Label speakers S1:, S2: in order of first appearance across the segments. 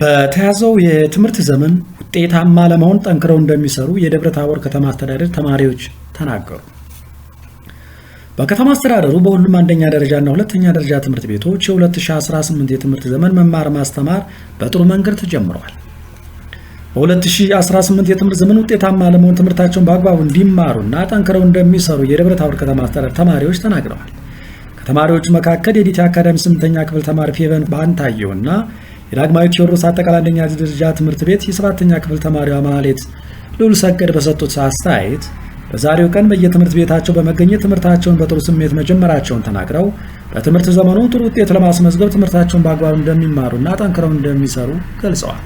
S1: በተያዘው የትምህርት ዘመን ውጤታማ ለመሆን ጠንክረው እንደሚሰሩ የደብረ ታቦር ከተማ አስተዳደር ተማሪዎች ተናገሩ። በከተማ አስተዳደሩ በሁሉም አንደኛ ደረጃ ና ሁለተኛ ደረጃ ትምህርት ቤቶች የ2018 የትምህርት ዘመን መማር ማስተማር በጥሩ መንገድ ተጀምረዋል። በ2018 የትምህርት ዘመን ውጤታማ ለመሆን ትምህርታቸውን በአግባቡ እንዲማሩና ጠንክረው እንደሚሰሩ የደብረ ታቦር ከተማ አስተዳደር ተማሪዎች ተናግረዋል። ከተማሪዎች መካከል የዲቲ አካዳሚ ስምንተኛ ክፍል ተማሪ ፌቨን ባንታየውና የዳግማዊ ቴዎድሮስ አጠቃላይ አንደኛ ደረጃ ትምህርት ቤት የሰባተኛ ክፍል ተማሪዋ መሀሌት ልዑል ሰገድ በሰጡት አስተያየት በዛሬው ቀን በየትምህርት ቤታቸው በመገኘት ትምህርታቸውን በጥሩ ስሜት መጀመራቸውን ተናግረው በትምህርት ዘመኑ ጥሩ ውጤት ለማስመዝገብ ትምህርታቸውን በአግባብ እንደሚማሩና ጠንክረው እንደሚሰሩ ገልጸዋል።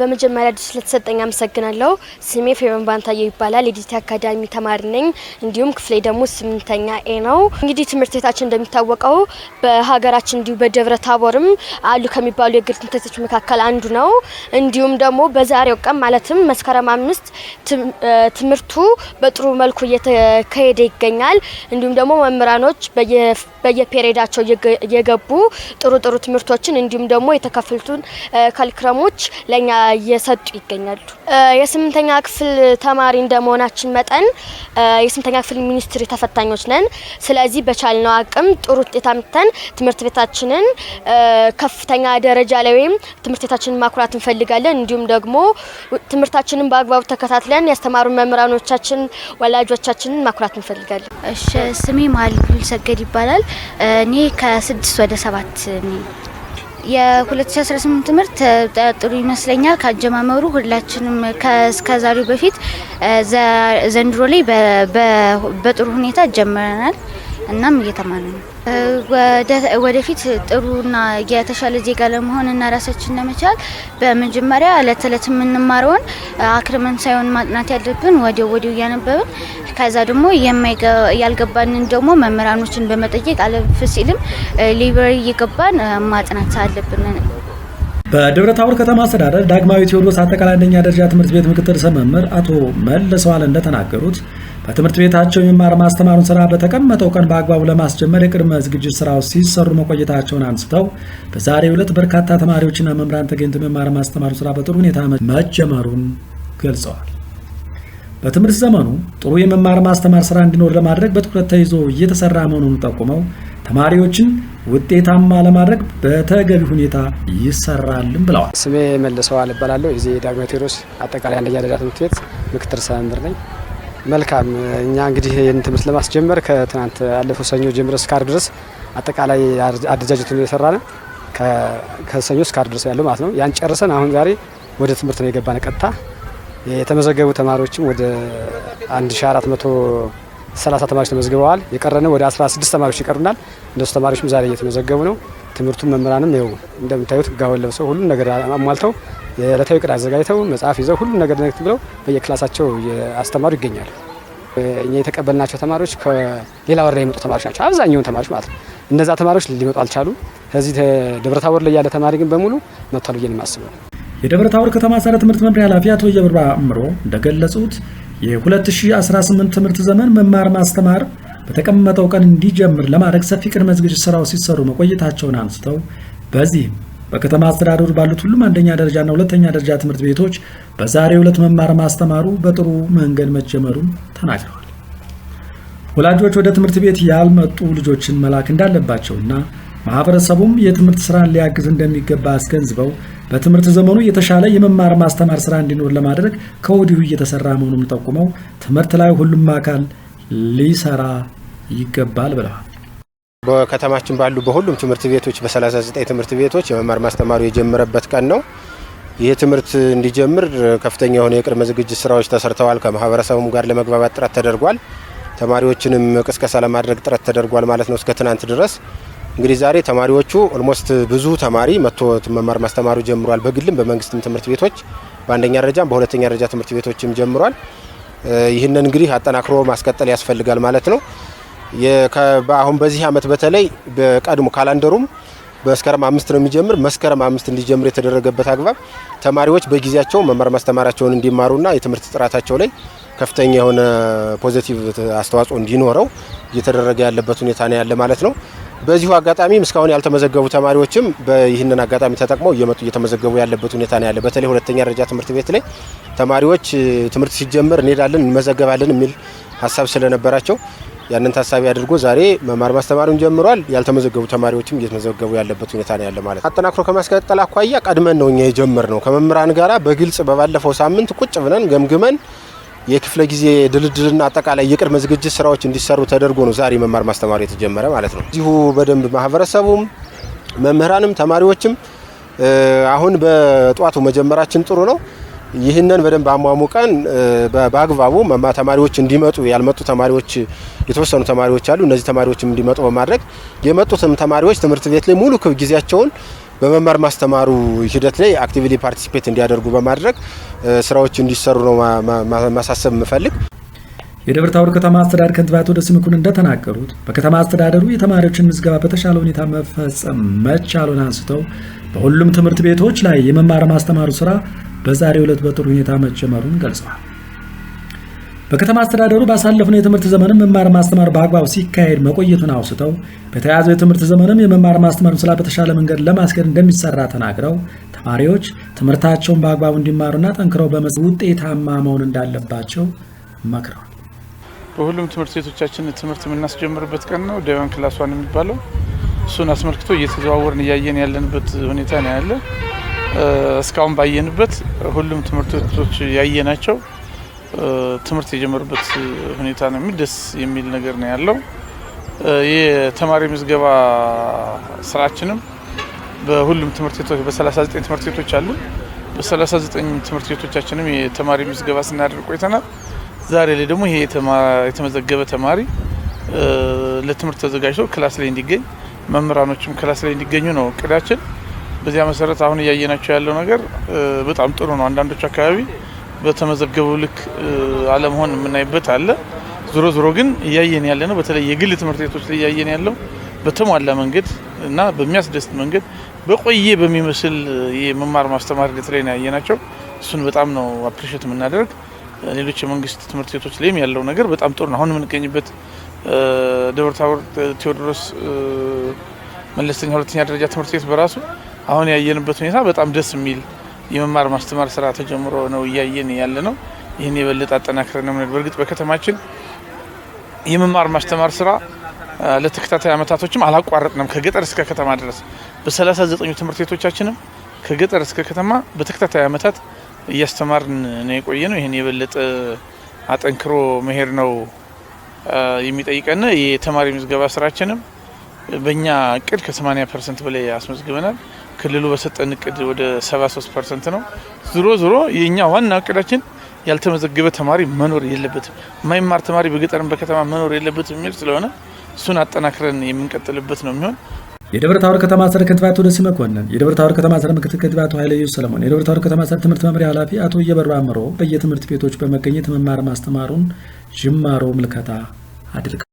S2: በመጀመሪያ ድስ ለተሰጠኝ አመሰግናለሁ። ስሜ ፌቨን ባንታየው ይባላል። የዲቲ አካዳሚ ተማሪ ነኝ። እንዲሁም ክፍሌ ደግሞ ስምንተኛ ኤ ነው። እንግዲህ ትምህርት ቤታችን እንደሚታወቀው በሀገራችን እንዲሁ በደብረ ታቦርም አሉ ከሚባሉ የግል ትምህርት ቤቶች መካከል አንዱ ነው። እንዲሁም ደግሞ በዛሬው ቀን ማለትም መስከረም አምስት ትምህርቱ በጥሩ መልኩ እየተካሄደ ይገኛል። እንዲሁም ደግሞ መምህራኖች በየፔሬዳቸው እየገቡ ጥሩ ጥሩ ትምህርቶችን እንዲሁም ደግሞ የተከፈሉትን ለ ማሰልጠኛ እየሰጡ ይገኛሉ። የስምንተኛ ክፍል ተማሪ እንደመሆናችን መጠን የስምንተኛ ክፍል ሚኒስትሪ ተፈታኞች ነን። ስለዚህ በቻልነው አቅም ጥሩ ውጤት አምጥተን ትምህርት ቤታችንን ከፍተኛ ደረጃ ላይ ወይም ትምህርት ቤታችንን ማኩራት እንፈልጋለን። እንዲሁም ደግሞ ትምህርታችንን በአግባቡ ተከታትለን ያስተማሩ መምህራኖቻችን፣ ወላጆቻችንን ማኩራት እንፈልጋለን።
S3: እሺ ስሜ መሀል ሰገድ ይባላል። እኔ ከስድስት ወደ ሰባት የ2018 ትምህርት ጥሩ ይመስለኛል። ካጀማመሩ ሁላችንም ከዛሬው በፊት ዘንድሮ ላይ በጥሩ ሁኔታ ጀምረናል። እናም እየተማርን ነው። ወደፊት ጥሩና የተሻለ ዜጋ ለመሆን እና ራሳችን ለመቻል በመጀመሪያ እለት እለት የምንማረውን አክርመን ሳይሆን ማጥናት ያለብን ወዲያው ወዲያው እያነበብን ከዛ ደግሞ ያልገባንን ደግሞ መምህራኖችን በመጠየቅ አለፍ ሲልም ላይብረሪ እየገባን ማጥናት አለብን።
S1: በደብረ ታቦር ከተማ አስተዳደር ዳግማዊ ቴዎድሮስ አጠቃላይ አንደኛ ደረጃ ትምህርት ቤት ምክትል ስመምር አቶ መለሰዋል እንደተናገሩት በትምህርት ቤታቸው የመማር ማስተማሩን ስራ በተቀመጠው ቀን በአግባቡ ለማስጀመር የቅድመ ዝግጅት ስራዎች ሲሰሩ መቆየታቸውን አንስተው በዛሬው ዕለት በርካታ ተማሪዎችና መምህራን ተገኝተው የመማር ማስተማሩ ስራ በጥሩ ሁኔታ መጀመሩን ገልጸዋል። በትምህርት ዘመኑ ጥሩ የመማር ማስተማር ስራ እንዲኖር ለማድረግ በትኩረት ተይዞ እየተሰራ መሆኑን ጠቁመው ተማሪዎችን ውጤታማ ለማድረግ በተገቢ ሁኔታ ይሰራልም ብለዋል።
S4: ስሜ መልሰዋል እባላለሁ። እዚህ ዳግማዊ ቴዎድሮስ አጠቃላይ አንደኛ ደረጃ ትምህርት ቤት ምክትል መምህር ነኝ። መልካም እኛ እንግዲህ ይህን ትምህርት ለማስጀመር ከትናንት አለፈው ሰኞ ጀምረ እስከ ድረስ አጠቃላይ አደጃጀቱን የሰራ ነ ከሰኞ እስከ ድረስ ያለው ማለት ነው። ያን ጨርሰን አሁን ዛሬ ወደ ትምህርት ነው የገባን ቀጥታ። የተመዘገቡ ተማሪዎችም ወደ 1430 ተማሪዎች ተመዝግበዋል። የቀረነ ወደ 16 ተማሪዎች ይቀሩናል። እነሱ ተማሪዎችም ዛሬ እየተመዘገቡ ነው። ትምህርቱን መምህራንም ይኸው እንደምታዩት ጋወን ለብሰው ሁሉም ነገር አሟልተው የዕለታዊ ቅድ አዘጋጅተው መጽሐፍ ይዘው ሁሉም ነገር ነክት ብለው በየክላሳቸው አስተማሩ ይገኛሉ። እኛ የተቀበልናቸው ተማሪዎች ከሌላ ወረዳ የመጡ ተማሪዎች ናቸው፣ አብዛኛውን ተማሪዎች ማለት ነው። እነዛ ተማሪዎች ሊመጡ አልቻሉ ከዚህ ደብረታቦር ላይ ያለ ተማሪ ግን በሙሉ መጥቷል ብዬ የማስበው።
S1: የደብረታቦር ከተማ ሰረ ትምህርት መምሪያ ኃላፊ አቶ የብርባ አእምሮ እንደገለጹት የ2018 ትምህርት ዘመን መማር ማስተማር በተቀመጠው ቀን እንዲጀምር ለማድረግ ሰፊ ቅድመ ዝግጅት ስራው ሲሰሩ መቆየታቸውን አንስተው በዚህም በከተማ አስተዳደሩ ባሉት ሁሉም አንደኛ ደረጃና ሁለተኛ ደረጃ ትምህርት ቤቶች በዛሬው ዕለት መማር ማስተማሩ በጥሩ መንገድ መጀመሩን ተናግረዋል። ወላጆች ወደ ትምህርት ቤት ያልመጡ ልጆችን መላክ እና ማህበረሰቡም የትምህርት ስራን ሊያግዝ እንደሚገባ አስገንዝበው በትምህርት ዘመኑ የተሻለ የመማር ማስተማር ስራ እንዲኖር ለማድረግ ከወዲሁ እየተሰራ መሆኑን ጠቁመው ትምህርት ላይ ሁሉም አካል ሊሰራ ይገባል ብለዋል።
S5: በከተማችን ባሉ በሁሉም ትምህርት ቤቶች በ39 ትምህርት ቤቶች የመማር ማስተማሩ የጀመረበት ቀን ነው። ይህ ትምህርት እንዲጀምር ከፍተኛ የሆነ የቅድመ ዝግጅት ስራዎች ተሰርተዋል። ከማህበረሰቡም ጋር ለመግባባት ጥረት ተደርጓል። ተማሪዎችንም ቅስቀሳ ለማድረግ ጥረት ተደርጓል ማለት ነው። እስከ ትናንት ድረስ እንግዲህ ዛሬ ተማሪዎቹ ኦልሞስት ብዙ ተማሪ መጥቶ መማር ማስተማሩ ጀምሯል። በግልም በመንግስትም ትምህርት ቤቶች በአንደኛ ደረጃም በሁለተኛ ደረጃ ትምህርት ቤቶችም ጀምሯል። ይህንን እንግዲህ አጠናክሮ ማስቀጠል ያስፈልጋል ማለት ነው። አሁን በዚህ አመት በተለይ በቀድሞ ካላንደሩም መስከረም አምስት ነው የሚጀምር። መስከረም አምስት እንዲጀምር የተደረገበት አግባብ ተማሪዎች በጊዜያቸው መማር ማስተማራቸውን እንዲማሩና የትምህርት ጥራታቸው ላይ ከፍተኛ የሆነ ፖዚቲቭ አስተዋጽኦ እንዲኖረው እየተደረገ ያለበት ሁኔታ ነው ያለ ማለት ነው። በዚሁ አጋጣሚ እስካሁን ያልተመዘገቡ ተማሪዎችም ይህንን አጋጣሚ ተጠቅመው እየመጡ እየተመዘገቡ ያለበት ሁኔታ ነው ያለ። በተለይ ሁለተኛ ደረጃ ትምህርት ቤት ላይ ተማሪዎች ትምህርት ሲጀምር እንሄዳለን እንመዘገባለን የሚል ሀሳብ ስለነበራቸው ያንን ታሳቢ አድርጎ ዛሬ መማር ማስተማሩን ጀምሯል። ያልተመዘገቡ ተማሪዎችም እየተመዘገቡ ያለበት ሁኔታ ነው ያለ ማለት አጠናክሮ ከማስቀጠል አኳያ ቀድመን ነው እኛ የጀመር ነው ከመምህራን ጋራ በግልጽ በባለፈው ሳምንት ቁጭ ብለን ገምግመን የክፍለ ጊዜ ድልድልና አጠቃላይ የቅድመ ዝግጅት ስራዎች እንዲሰሩ ተደርጎ ነው ዛሬ መማር ማስተማሩ የተጀመረ ማለት ነው። እዚሁ በደንብ ማህበረሰቡም መምህራንም ተማሪዎችም አሁን በጧቱ መጀመራችን ጥሩ ነው። ይህንን በደንብ አሟሙቀን በአግባቡ ተማሪዎች እንዲመጡ ያልመጡ ተማሪዎች የተወሰኑ ተማሪዎች አሉ። እነዚህ ተማሪዎችም እንዲመጡ በማድረግ የመጡትም ተማሪዎች ትምህርት ቤት ላይ ሙሉ ጊዜያቸውን በመማር ማስተማሩ ሂደት ላይ አክቲቪሊ ፓርቲሲፔት እንዲያደርጉ በማድረግ ስራዎች እንዲሰሩ ነው ማሳሰብ የምፈልግ።
S1: የደብረ ታቦር ከተማ አስተዳደር ከንቲባ አቶ ደስ ምኩን እንደተናገሩት በከተማ አስተዳደሩ የተማሪዎችን ምዝገባ በተሻለ ሁኔታ መፈጸም መቻሉን አንስተው በሁሉም ትምህርት ቤቶች ላይ የመማር ማስተማሩ ስራ በዛሬው ዕለት በጥሩ ሁኔታ መጀመሩን ገልጸዋል። በከተማ አስተዳደሩ ባሳለፍነው የትምህርት ዘመንም መማር ማስተማር በአግባብ ሲካሄድ መቆየቱን አውስተው በተያያዘው የትምህርት ዘመንም የመማር ማስተማር ስራ በተሻለ መንገድ ለማስገድ እንደሚሰራ ተናግረው ተማሪዎች ትምህርታቸውን በአግባቡ እንዲማሩና ጠንክረው በመጽ ውጤታማ መሆን እንዳለባቸው መክረዋል።
S6: በሁሉም ትምህርት ቤቶቻችን ትምህርት የምናስጀምርበት ቀን ነው ዴቫን ክላስ ዋን የሚባለው እሱን አስመልክቶ እየተዘዋወርን እያየን ያለንበት ሁኔታ ነው ያለ እስካሁን ባየንበት ሁሉም ትምህርት ቤቶች ያየናቸው ትምህርት የጀመሩበት ሁኔታ ነው የሚል ደስ የሚል ነገር ነው ያለው። የተማሪ ምዝገባ ስራችንም በሁሉም ትምህርት ቤቶች በ39 ትምህርት ቤቶች አሉ። በ39 ትምህርት ቤቶቻችንም የተማሪ ምዝገባ ስናደርግ ቆይተናል። ዛሬ ላይ ደግሞ ይሄ የተመዘገበ ተማሪ ለትምህርት ተዘጋጅቶ ክላስ ላይ እንዲገኝ መምህራኖችም ክላስ ላይ እንዲገኙ ነው እቅዳችን። በዚያ መሰረት አሁን እያየናቸው ያለው ነገር በጣም ጥሩ ነው። አንዳንዶች አካባቢ በተመዘገበው ልክ አለመሆን የምናይበት አለ። ዞሮ ዞሮ ግን እያየን ያለ ነው። በተለይ የግል ትምህርት ቤቶች ላይ እያየን ያለው በተሟላ መንገድ እና በሚያስደስት መንገድ በቆየ በሚመስል የመማር ማስተማር ሂደት ላይ ነው ያየናቸው። እሱን በጣም ነው አፕሪሼት የምናደርግ። ሌሎች የመንግስት ትምህርት ቤቶች ላይም ያለው ነገር በጣም ጥሩ ነው። አሁን የምንገኝበት ደብረ ታቦር ቴዎድሮስ መለስተኛ ሁለተኛ ደረጃ ትምህርት ቤት በራሱ አሁን ያየንበት ሁኔታ በጣም ደስ የሚል የመማር ማስተማር ስራ ተጀምሮ ነው እያየን ያለ ነው። ይህን የበለጠ አጠናክረን ነው። በእርግጥ በከተማችን የመማር ማስተማር ስራ ለተከታታይ አመታቶችም አላቋረጥንም። ከገጠር እስከ ከተማ ድረስ በ 39 ትምህርት ቤቶቻችንም ከገጠር እስከ ከተማ በተከታታይ አመታት እያስተማርን ነው የቆየ ነው። ይህን የበለጠ አጠንክሮ መሄድ ነው የሚጠይቀን። የተማሪ ምዝገባ ስራችንም በእኛ እቅድ ከ80 ፐርሰንት በላይ አስመዝግበናል። ክልሉ በሰጠን እቅድ ወደ 73 ፐርሰንት ነው። ዞሮ ዞሮ የእኛ ዋና እቅዳችን ያልተመዘገበ ተማሪ መኖር የለበትም፣ ማይማር ተማሪ በገጠርም በከተማ መኖር የለበትም የሚል ስለሆነ እሱን አጠናክረን የምንቀጥልበት ነው የሚሆን።
S1: የደብረ ታቦር ከተማ ስር ከንቲባ አቶ ደሴ መኮንን፣ የደብረ ታቦር ከተማ ስር ምክትል ከንቲባ አቶ ኢየሱስ ሰለሞን፣ የደብረ ታቦር ከተማ ስር ትምህርት መምሪያ ኃላፊ አቶ እየበሩ አምሮ በየትምህርት ቤቶች በመገኘት መማር ማስተማሩን ጅማሮ ምልከታ አድርገዋል።